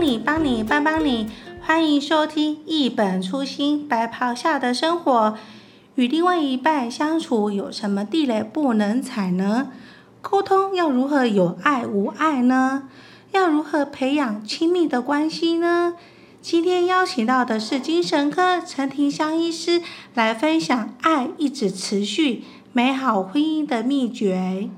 你幫你，幫，你幫幫你，歡迎收聽《一本初心白袍下的生活》。與另外一半相處，有什麼地雷不能踩呢？溝通要如何有愛無愛呢？要如何培養親密的關係呢？今天邀請到的是精神科陳庭香醫師來分享“愛一直持續，美好婚姻的秘訣”。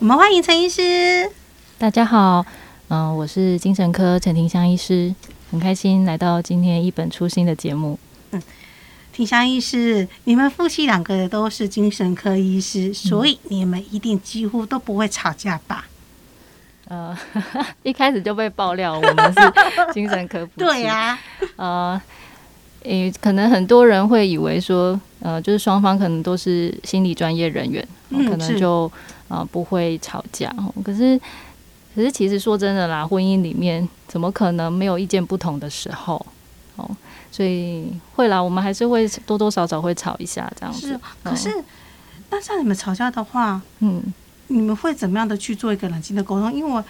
我們歡迎陳醫師。大家好。嗯、呃，我是精神科陳庭香醫師，很開心來到今天一本初心的節目。嗯，庭香醫師，你們夫妻兩個都是精神科醫師，嗯、所以你們一定幾乎都不會吵架吧？呃，一開始就被爆料我們是精神科， 對呀、啊呃，呃，誒，可能很多人會以為說，呃，就是雙方可能都是心理專業人員，呃、可能就、嗯、呃不會吵架可是。可是，其實說真的啦，婚姻裡面怎麼可能沒有意見不同的時候哦？所以會啦，我們還是會多多少少會吵一下這樣子。是，嗯、可是那像你們吵架的話，嗯，你們會怎麼樣的去做一個冷靜的溝通？因為我，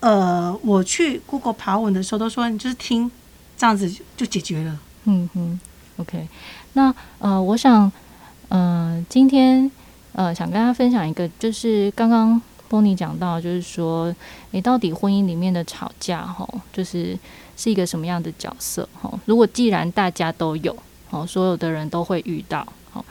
呃，我去 Google 爬文的時候都說，你就是聽這樣子就解決了。嗯嗯，OK。那呃，我想，嗯、呃，今天呃，想跟大家分享一個，就是剛剛。Boni 講到，就是說，你、欸、到底婚姻裡面的吵架，吼，就是是一個什麼樣的角色，吼？如果既然大家都有，好，所有的人都會遇到，好，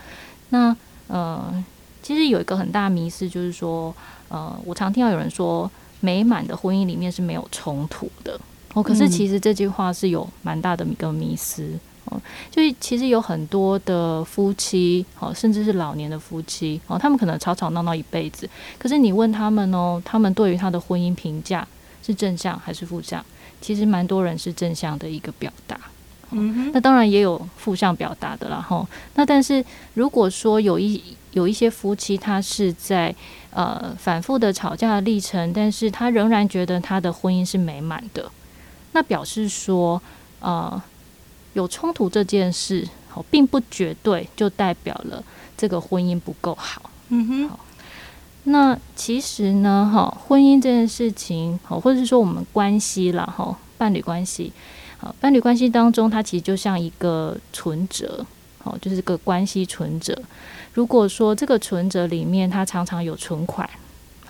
那呃，其實有一個很大迷思，就是說，呃，我常聽到有人說，美滿的婚姻裡面是沒有衝突的，哦，可是其實這句話是有蠻大的一個迷思。嗯嗯哦、就是其實有很多的夫妻，好、哦、甚至是老年的夫妻，哦，他們可能吵吵鬧鬧一輩子，可是你問他們哦，他們對於他的婚姻評價是正向還是負向？其實蠻多人是正向的一個表達，哦、嗯哼，那當然也有負向表達的啦。哈、哦。那但是如果說有一有一些夫妻，他是在呃反覆的吵架的歷程，但是他仍然覺得他的婚姻是美滿的，那表示說啊。呃有衝突這件事，哦，並不絕對就代表了這個婚姻不夠好。嗯哼，那其實呢，哈，婚姻這件事情，哦，或者是說我們關係啦，哈，伴侶關係，好，伴侶關係當中，它其實就像一個存折，哦，就是一個關係存折。如果說這個存折裡面，它常常有存款。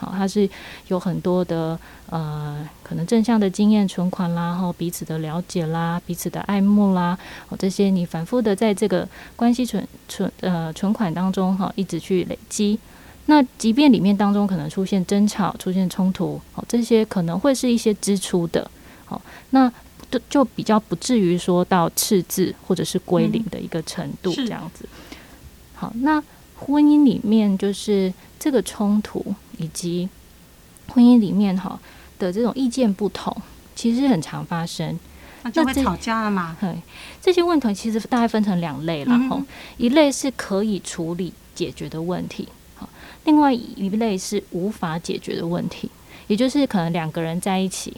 好，它是有很多的呃，可能正向的經驗存款啦，然後彼此的了解啦，彼此的愛慕啦，這些你反覆的在這個關係存存呃存款當中哈，一直去累積。那即便裡面當中可能出現爭吵、出現衝突，哦，這些可能會是一些支出的，好，那就就比較不至於說到赤字或者是歸零的一個程度這樣子。嗯、好，那婚姻裡面就是這個衝突。以及婚姻裡面哈的這種意見不同，其實很常發生，那就會吵架了嘛。對，這些問題其實大概分成兩類了哈，嗯、哼一類是可以處理解決的問題，另外一類是無法解決的問題，也就是可能兩個人在一起，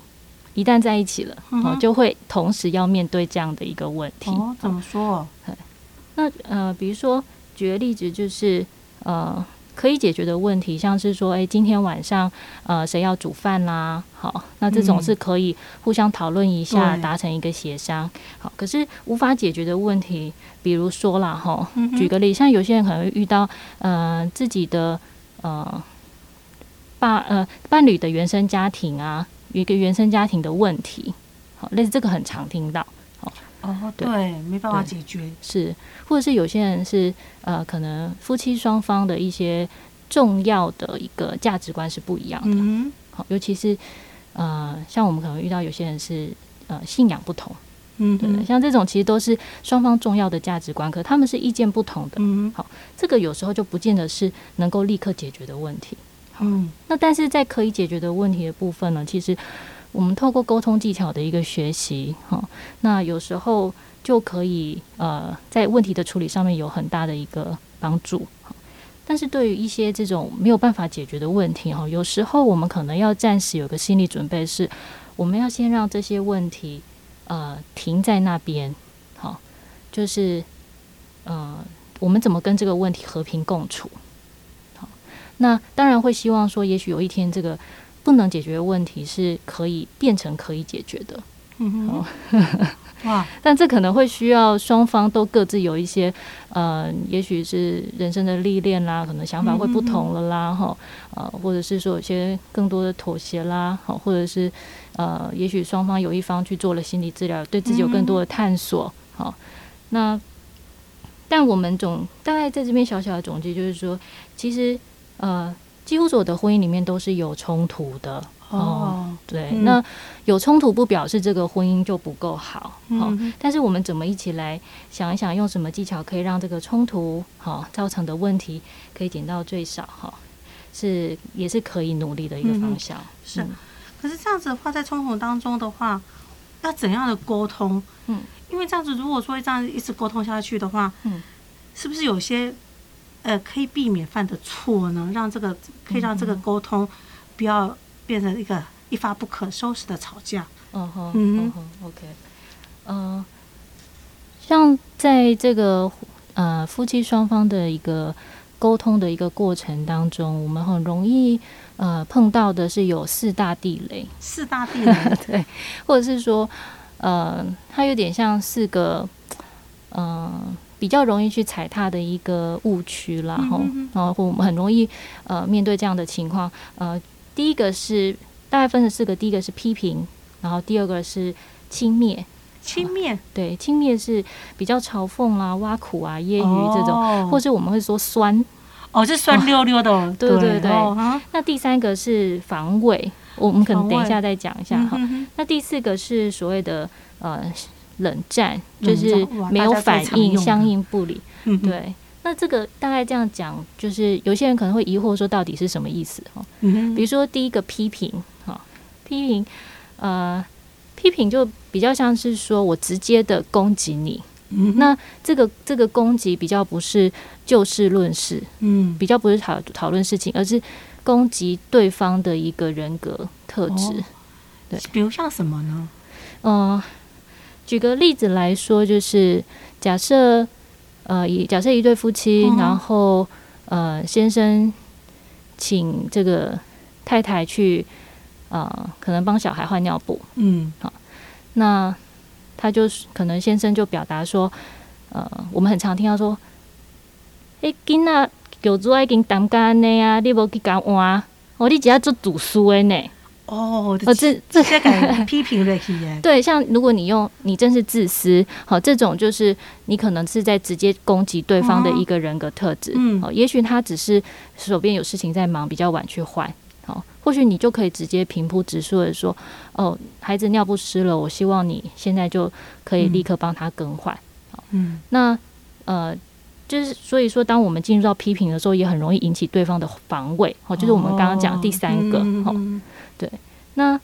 一旦在一起了，嗯、哼就會同時要面對這樣的一個問題。哦，怎麼說哦？那呃，比如說舉個例子，就是呃。可以解決的問題，像是說，誒、欸，今天晚上，呃，誰要煮飯啦？好，那這種是可以互相討論一下，達、嗯、成一個協商。對好，可是無法解決的問題，比如說啦，哈，舉個例，像有些人可能會遇到，呃，自己的呃，伴呃伴侶的原生家庭啊，一個原生家庭的問題，好，類似這個很常聽到。哦，對，對，沒辦法解決是，或者是有些人是呃，可能夫妻雙方的一些重要的一個價值觀是不一樣的，好、嗯哼，尤其是呃，像我們可能遇到有些人是呃信仰不同，嗯哼，對，像這種其實都是雙方重要的價值觀，可他們是意見不同的，嗯哼，好，這個有時候就不見得是能夠立刻解決的問題，嗯好，那但是在可以解決的問題的部分呢，其實。我們透過溝通技巧的一個學習，哈、哦，那有時候就可以呃，在問題的處理上面有很大的一個幫助。哦、但是對於一些這種沒有辦法解決的問題，哈、哦，有時候我們可能要暫時有個心理準備，是我們要先讓這些問題呃停在那邊，好、哦，就是呃，我們怎麼跟這個問題和平共處？好、哦，那當然會希望說，也許有一天這個。不能解決的問題是可以變成可以解決的，嗯哼，哦、呵呵哇！但這可能會需要雙方都各自有一些，嗯、呃，也許是人生的歷練啦，可能想法會不同了啦，哈、嗯哼，呃、哦，或者是說有些更多的妥協啦，好、哦，或者是呃，也許雙方有一方去做了心理治療，對自己有更多的探索，好、嗯哼哦，那但我們總大概在這邊小小的總結，就是說，其實呃。幾乎所有的婚姻裡面都是有衝突的哦，哦，對，嗯、那有衝突不表示這個婚姻就不夠好，嗯哼，但是我們怎麼一起來想一想，用什麼技巧可以讓這個衝突哈、哦、造成的問題可以減到最少哈、哦，是也是可以努力的一個方向。嗯、哼是，可是這樣子的話，在衝突當中的話，要怎樣的溝通？嗯，因為這樣子，如果說這樣一直溝通下去的話，嗯，是不是有些？呃，可以避免犯的錯呢，讓這個可以讓這個溝通，不要變成一個一發不可收拾的吵架。嗯哼，嗯哼，OK，呃，像在這個呃夫妻雙方的一個溝通的一個過程當中，我們很容易呃碰到的是有四大地雷，四大地雷， 對，或者是說呃，它有點像是個嗯。呃比較容易去踩踏的一個誤區啦，然後、嗯，然後我們很容易呃面對這樣的情況，呃，第一個是大概分成四個，第一個是批評，然後第二個是輕蔑，輕蔑、哦，對，輕蔑是比較嘲諷啊、挖苦啊、揶揄這種，哦、或是我們會說酸，哦，是酸溜溜的，對對、哦、對。對對哦、那第三個是防衛，我們可能等一下再講一下哈、嗯哦。那第四個是所謂的呃。冷戰就是沒有反應，相應不理。對，那這個大概這樣講，就是有些人可能會疑惑說，到底是什麼意思？嗯、哼比如說第一個批評，批評，呃，批評就比較像是說我直接的攻擊你。嗯哼，那這個這個攻擊比較不是就事論事，嗯，比較不是討討論事情，而是攻擊對方的一個人格特質。對，比如像什麼呢？嗯、呃。舉個例子來說，就是假設，呃，假設一對夫妻，嗯、然後呃，先生請這個太太去，呃，可能幫小孩換尿布。嗯、好、哦，那他就是可能先生就表達說，呃，我們很常聽到說，哎、欸，囡仔有做愛跟當干的啊，你無去幹啊，我、哦、你只要做讀書的呢。哦，這這些可能批評的語言對，像如果你用你真是自私，好，這種就是你可能是在直接攻擊對方的一個人格特質。哦、嗯，也許他只是手邊有事情在忙，比較晚去換。好，或許你就可以直接平鋪直說的說，哦，孩子尿不濕了，我希望你現在就可以立刻幫他更換。嗯，那呃，就是所以說，當我們進入到批評的時候，也很容易引起對方的防衛。好，就是我們剛剛講第三個。好、哦。嗯對，那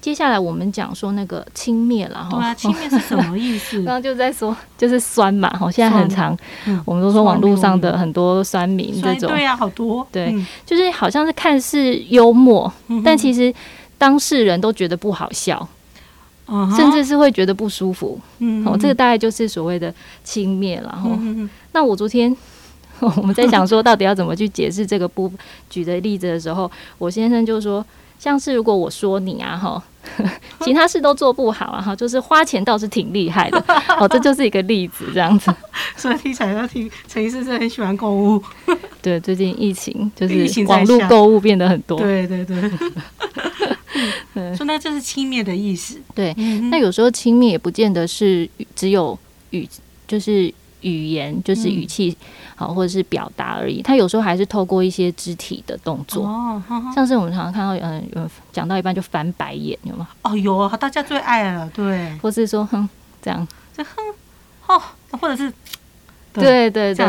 接下來我們講說那個輕蔑了哈，輕蔑是什麼意思？剛剛就在說，就是酸嘛，哈，現在很常，我們都說網絡上的很多酸民這種，對呀，好多，對，就是好像是看似幽默，但其實當事人都覺得不好笑，甚至是會覺得不舒服，嗯，好，這個大概就是所謂的輕蔑了哈。那我昨天我們在想說到底要怎麼去解釋這個不舉的例子的時候，我先生就說。像是如果我說你啊，哈，其他事都做不好啊哈，就是花錢倒是挺厲害的。 哦，這就是一個例子這樣子。 所以聽起來聽，聽陳醫師是很喜歡購物。對，最近疫情就是網絡購物變得很多。對對對。說呵 那就是輕蔑的意思？對，嗯、哼那有時候輕蔑也不見得是只有與就是。語言就是語氣，好、嗯、或者是表達而已。他有時候還是透過一些肢體的動作，哦、呵呵，像是我們常常看到，嗯，有，講到一半就翻白眼，有嗎？哦，有，大家最愛了，對。或是說，哼，這樣，就哼，哦，或者是。對對對對，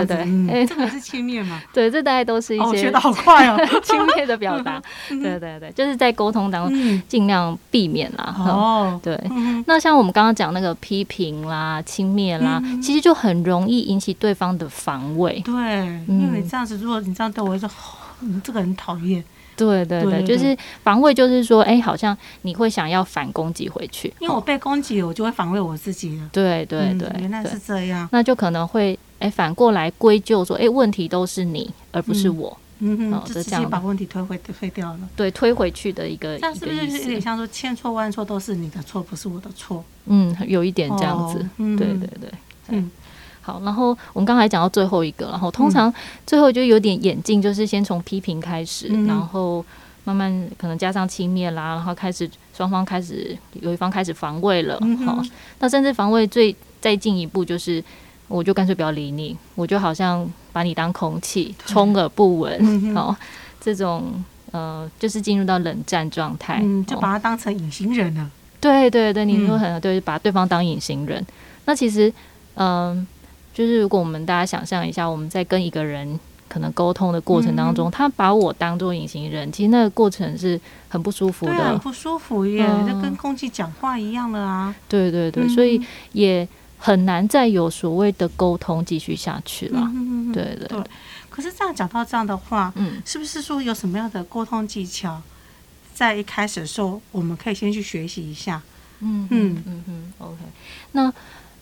誒，這個是輕蔑嗎？對，這大概都是一些，哦，學得好快哦，輕蔑的表達。對對對，就是在溝通當中盡量避免啦。哦，對。那像我們剛剛講那個批評啦、輕蔑啦，其實就很容易引起對方的防衛。對，因為你這樣子，如果你這樣對我，說“你這個很討厭”，對對對，就是防衛，就是說，哎，好像你會想要反攻擊回去。因為我被攻擊了，我就會防衛我自己了。對對對，原來是這樣。那就可能會。哎、欸，反過來歸咎說，哎、欸，問題都是你，而不是我。嗯嗯，的就這樣把問題推回推掉了。對，推回去的一個但是不是，就是有點像說千錯萬錯都是你的錯，不是我的錯？嗯，有一點這樣子。哦嗯、對，對對對，嗯對，好。然後我們剛才講到最後一個，然後通常最後就有點演進，就是先從批評開始，嗯、然後慢慢可能加上輕蔑啦，然後開始雙方開始有一方開始防衛了。好、嗯哼哦，那甚至防衛最再進一步就是。我就乾脆不要理你，我就好像把你當空氣，充耳對不聞。好、嗯哼哦，這種呃，就是進入到冷戰狀態，嗯，就把它當成隱形人了，哦。對對對，你說很，嗯、對，把對方當隱形人。那其實，嗯、呃，就是如果我們大家想象一下，我們在跟一個人可能溝通的過程當中，嗯、哼他把我當做隱形人，其實那個過程是很不舒服的，很，啊、不舒服耶，就，嗯、跟空氣講話一樣了啊。對對對，嗯、哼所以也。很難再有所謂的溝通繼續下去了。嗯哼嗯哼對，對對。對。可是這樣講到這樣的話，嗯，是不是說有什麼樣的溝通技巧，在一開始的時候，我們可以先去學習一下？嗯嗯嗯嗯。嗯嗯 OK 那。那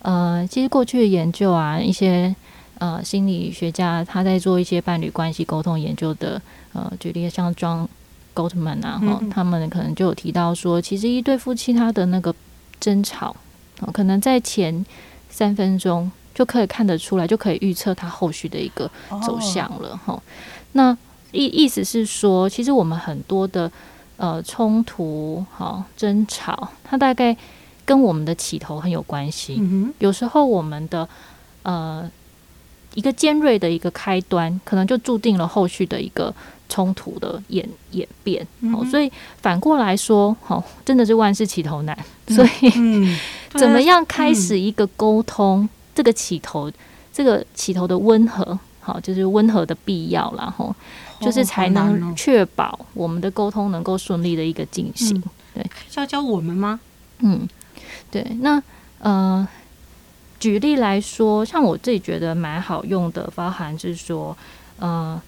呃，其實過去的研究啊，一些呃心理學家他在做一些伴侶關係溝通研究的呃，舉例像 John Gottman 啊，嗯、哼他們可能就有提到說，其實一對夫妻他的那個爭吵，哦，可能在前。三分鐘就可以看得出來，就可以預測它後續的一個走向了吼、Oh.，那意意思是說，其實我們很多的呃衝突哈爭吵，它大概跟我們的起頭很有關係。Mm hmm. 有時候我們的呃一個尖銳的一個開端，可能就注定了後續的一個。衝突的演演變，好、嗯哼哦，所以反過來說，好、哦，真的是萬事起頭難，嗯、所以、嗯啊、怎麼樣開始一個溝通，嗯、這個起頭，這個起頭的溫和，好、哦，就是溫和的必要然後、哦哦、就是才能確保我們的溝通能夠順利的一個進行。哦哦、對，是要教我們嗎？嗯，對，那呃，舉例來說，像我自己覺得蠻好用的，包含就是說，呃。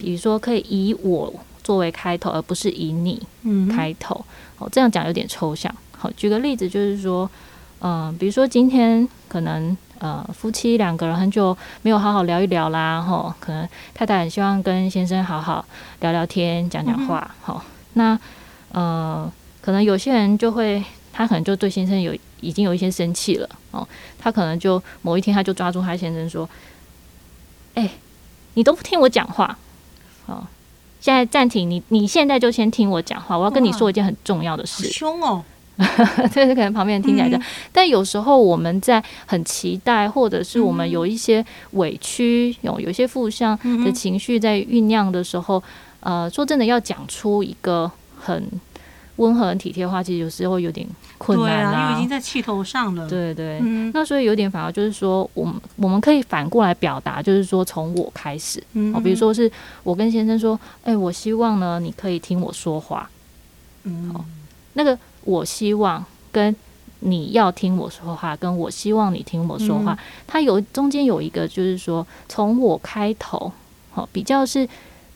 比如說，可以以我作為開頭，而不是以你開頭。哦、嗯哼，好，這樣講有點抽象。好，舉個例子，就是說，嗯、呃，比如說今天可能呃夫妻兩個人很久沒有好好聊一聊啦，吼，可能太太很希望跟先生好好聊聊天，講講話。嗯、哼好，那呃，可能有些人就會，他可能就對先生有已經有一些生氣了。哦，他可能就某一天他就抓住他先生說：“哎、欸，你都不聽我講話。”哦，現在暫停你，你現在就先聽我講話，我要跟你說一件很重要的事。凶哦，對， 可能旁邊人聽起來的。嗯嗯，但有時候我們在很期待，或者是我們有一些委屈，有有一些負向的情緒在醞釀的時候，嗯嗯、呃，說真的要講出一個很。溫和很體貼的話，其實有時候有點困難啦、啊，因為已經在氣頭上了。對,對對，嗯嗯那所以有點反而就是說，我們我們可以反過來表達，就是說從我開始，嗯,嗯，比如說是我跟先生說，哎、欸，我希望呢，你可以聽我說話。嗯、好，那個我希望跟你要聽我說話，跟我希望你聽我說話，嗯嗯它有中間有一個就是說從我開頭，好，比較是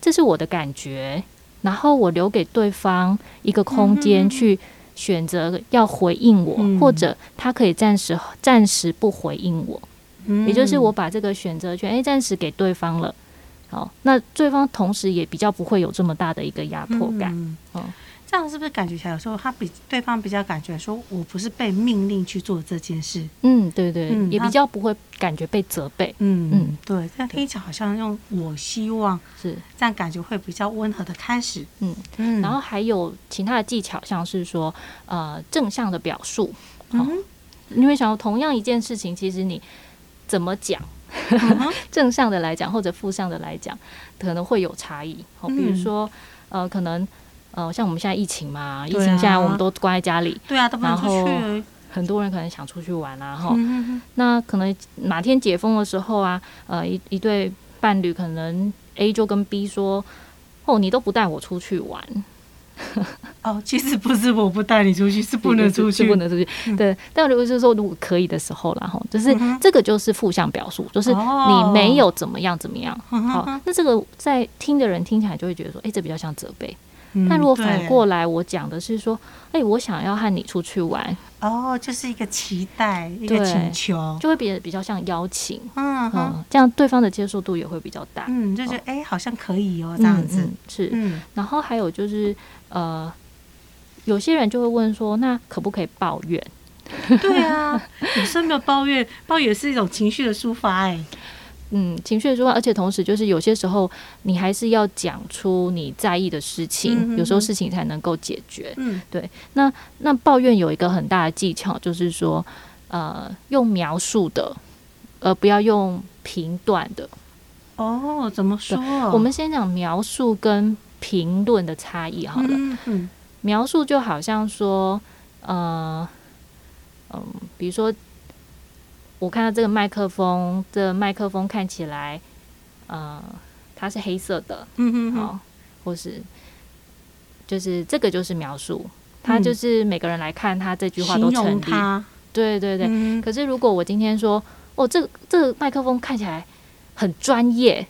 這是我的感覺。然後我留給對方一個空間去選擇要回應我，嗯、或者他可以暫時暫時不回應我，嗯、也就是我把這個選擇權誒暫時給對方了。好、哦，那對方同時也比較不會有這麼大的一個壓迫感，嗯。哦這樣是不是感覺起來，有時候他比對方比較感覺說，我不是被命令去做這件事。嗯，對對，嗯、也比較不會感覺被責備。嗯嗯，嗯對。這樣聽起來好像用我希望是這樣，感覺會比較溫和的開始。嗯嗯。嗯，然後還有其他的技巧，像是說，呃，正向的表述。哦、嗯哼。你會想到同樣一件事情，其實你怎麼講，嗯、哼 正向的來講或者負向的來講，可能會有差異。好、哦，嗯、比如說，呃，可能。呃，像我們現在疫情嘛，啊、疫情下來我們都關在家裡，對啊，都不出去。很多人可能想出去玩啊，哈、嗯。那可能哪天解封的時候啊，呃，一一對伴侶可能 A 就跟 B 說：“哦，你都不帶我出去玩。 ”哦，其實不是我不帶你出去，是不能出去，不能出去。嗯、哼對，但如果就是說如果可以的時候啦，然後就是這個就是負向表述，就是你沒有怎麼樣怎麼樣。好、哦哦，那這個在聽的人聽起來就會覺得說，哎、欸，這比較像責備。那、嗯、如果反過來，我講的是說，哎對、欸，我想要和你出去玩哦，oh, 就是一個期待，對一個請求，就會比比較像邀請，uh huh. 嗯，這樣對方的接受度也會比較大，嗯，就是，哎、oh. 欸，好像可以哦、喔，這樣子是、嗯，嗯，嗯，然後還有就是，呃，有些人就會問說，那可不可以抱怨？對啊，女生的抱怨，抱怨是一種情緒的抒發、欸，哎。嗯，情緒之外，而且同時就是有些時候，你還是要講出你在意的事情，嗯、哼哼有時候事情才能夠解決。嗯，對。那那抱怨有一個很大的技巧，就是說，嗯、呃，用描述的，呃，不要用評斷的。哦，怎麼說啊？我們先講描述跟評論的差異好了。嗯。描述就好像說，呃，嗯、呃，比如說。我看到這個麥克風，這個麥克風看起來，呃，它是黑色的，嗯嗯好，哦，或是就是這個就是描述，嗯，它就是每個人來看他這句話都成立，對對對，嗯，可是如果我今天說，哦，這個這個麥克風看起來很專業，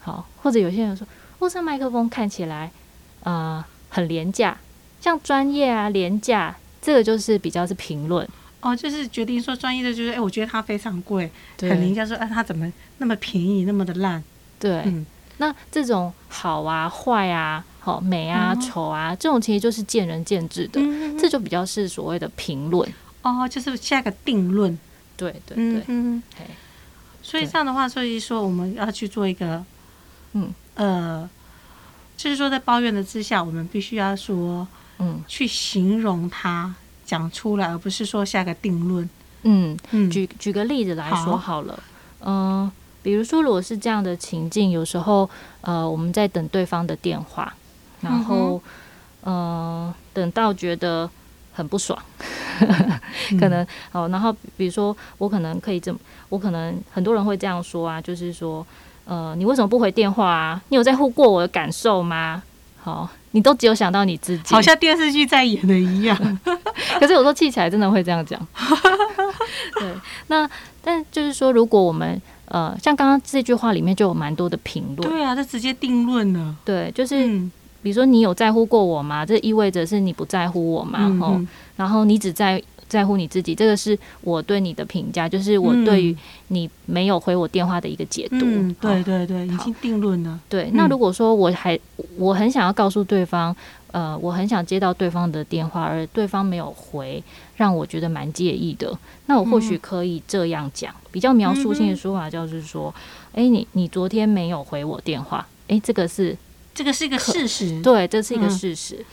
好，哦，或者有些人說，哦，這麥克風看起來，呃，很廉價，像專業啊，廉價，這個就是比較是評論。哦，就是決定說專業的，就是哎，我覺得它非常貴，可能人家說哎，它、啊、怎麼那麼便宜，那麼的爛？對，嗯、那這種好啊、壞啊、好、哦、美啊、嗯、醜啊，這種其實就是見仁見智的，嗯、這就比較是所謂的評論、嗯。哦，就是下一個定論。對對對嗯。嗯。所以這樣的話，所以說我們要去做一個，嗯對呃，就是說在抱怨的之下，我們必須要說，嗯，去形容它。嗯講出來，而不是說下個定論。嗯，舉舉個例子來說好了。嗯好、呃，比如說，如果是這樣的情境，有時候，呃，我們在等對方的電話，然後，嗯哼、呃，等到覺得很不爽， 可能哦、嗯，然後，比如說，我可能可以這麼，我可能很多人會這樣說啊，就是說，呃，你為什麼不回電話啊？你有在乎過我的感受嗎？好，你都只有想到你自己，好像電視劇在演的一樣。 可是有時候氣起來真的會這樣講， 對。那但就是說，如果我們呃，像剛剛這句話裡面就有蠻多的評論，對啊，這直接定論了。對，就是、嗯、比如說你有在乎過我嗎？這意味着是你不在乎我嘛，然後、嗯、哼然後你只在在乎你自己，這個是我對你的評價，就是我對於你沒有回我電話的一個解讀。嗯哦、對對對，已經定論了。對，嗯、那如果說我還我很想要告訴對方。呃，我很想接到對方的電話，而對方沒有回，讓我覺得蠻介意的。那我或許可以這樣講，嗯、比較描述性的說法，就是說，哎、嗯哼，你你昨天沒有回我電話，哎，這個是這個是一個事實，對，這是一個事實。嗯、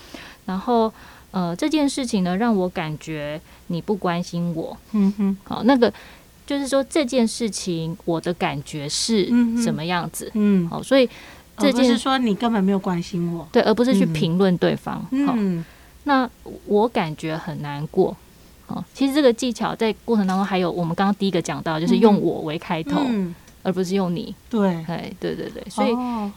然後，呃，這件事情呢，讓我感覺你不關心我。嗯哼，好，那個就是說這件事情，我的感覺是什麼樣子？嗯，嗯，好，所以。這就是說你根本沒有關心我，對，而不是去評論對方。嗯、哦，那我感覺很難過、哦。其實這個技巧在過程當中，還有我們剛剛第一個講到，就是用我為開頭，嗯嗯、而不是用你。對，對對對，所以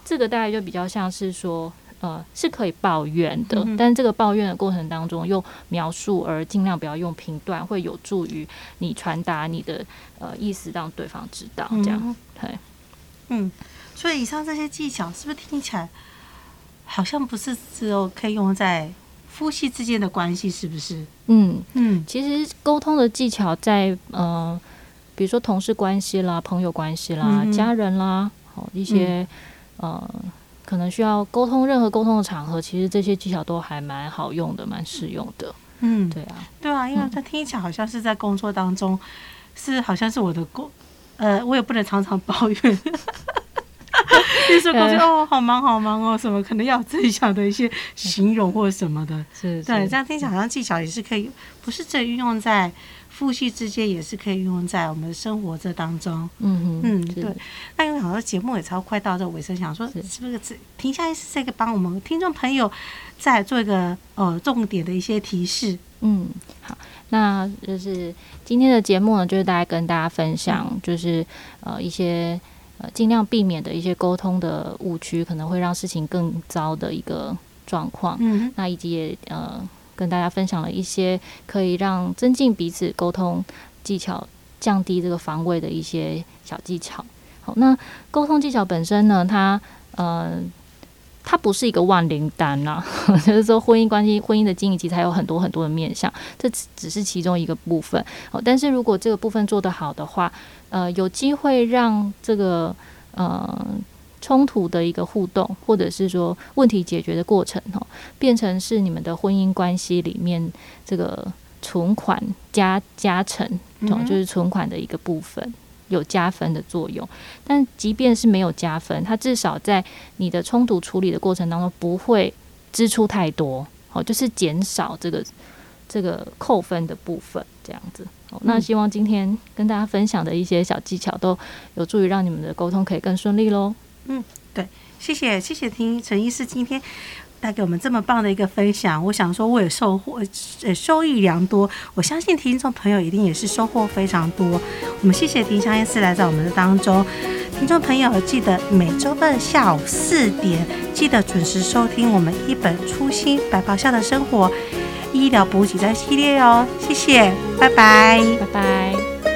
這個大概就比較像是說，呃，是可以抱怨的，嗯、但這個抱怨的過程當中，用描述而盡量不要用評斷，會有助於你傳達你的呃意思，讓對方知道這樣。對，嗯。嘿嗯所以以上這些技巧是不是聽起來好像不是只有可以用在夫妻之間的關係？是不是？嗯嗯，嗯其實溝通的技巧在嗯、呃，比如說同事關係啦、朋友關係啦、嗯、哼家人啦，好、哦、一些、嗯、呃，可能需要溝通任何溝通的場合，其實這些技巧都還蠻好用的，蠻適用的。嗯，對啊，對啊、嗯，因為他聽起來好像是在工作當中，是好像是我的工，呃，我也不能常常抱怨。 就是 說覺得哦，好忙好忙哦，什麼可能要最小的一些形容或者什麼的，是，是對這樣聽起來好像技巧也是可以，不是這運用在夫妻之間也是可以運用在我們的生活這當中，嗯哼嗯對，那是因為好像節目也超快到這尾聲，我想說是不是這停下來是這個幫我們聽眾朋友再做一個呃重點的一些提示？嗯，好，那就是今天的節目呢，就是大概跟大家分享就是呃一些。呃，盡量避免的一些溝通的誤區，可能會讓事情更糟的一個狀況。嗯，那以及也呃，跟大家分享了一些可以讓增進彼此溝通技巧、降低這個防衛的一些小技巧。好，那溝通技巧本身呢，它嗯。呃它不是一個萬靈丹吶，啊，就是說婚姻關係、婚姻的經營，其實還有很多很多的面向，這只只是其中一個部分。哦，但是如果這個部分做得好的話，呃，有機會讓這個呃衝突的一個互動，或者是說問題解決的過程，哦，變成是你們的婚姻關係裡面這個存款加加成，哦，就是存款的一個部分。有加分的作用，但即便是沒有加分，它至少在你的衝突處理的過程當中不會支出太多，好，就是減少這個這個扣分的部分，這樣子好。那希望今天跟大家分享的一些小技巧，都有助於讓你們的溝通可以更順利嘍。嗯，對，謝謝，謝謝陳陳醫師今天帶給我們這麼棒的一個分享，我想說我也收穫，呃，收益良多。我相信聽眾朋友一定也是收穫非常多。我們謝謝庭香醫師來到我們的當中，聽眾朋友記得每週二下午四點記得準時收聽我們一本初心白袍下的生活醫療補給站系列哦，喔。謝謝，拜拜，拜拜。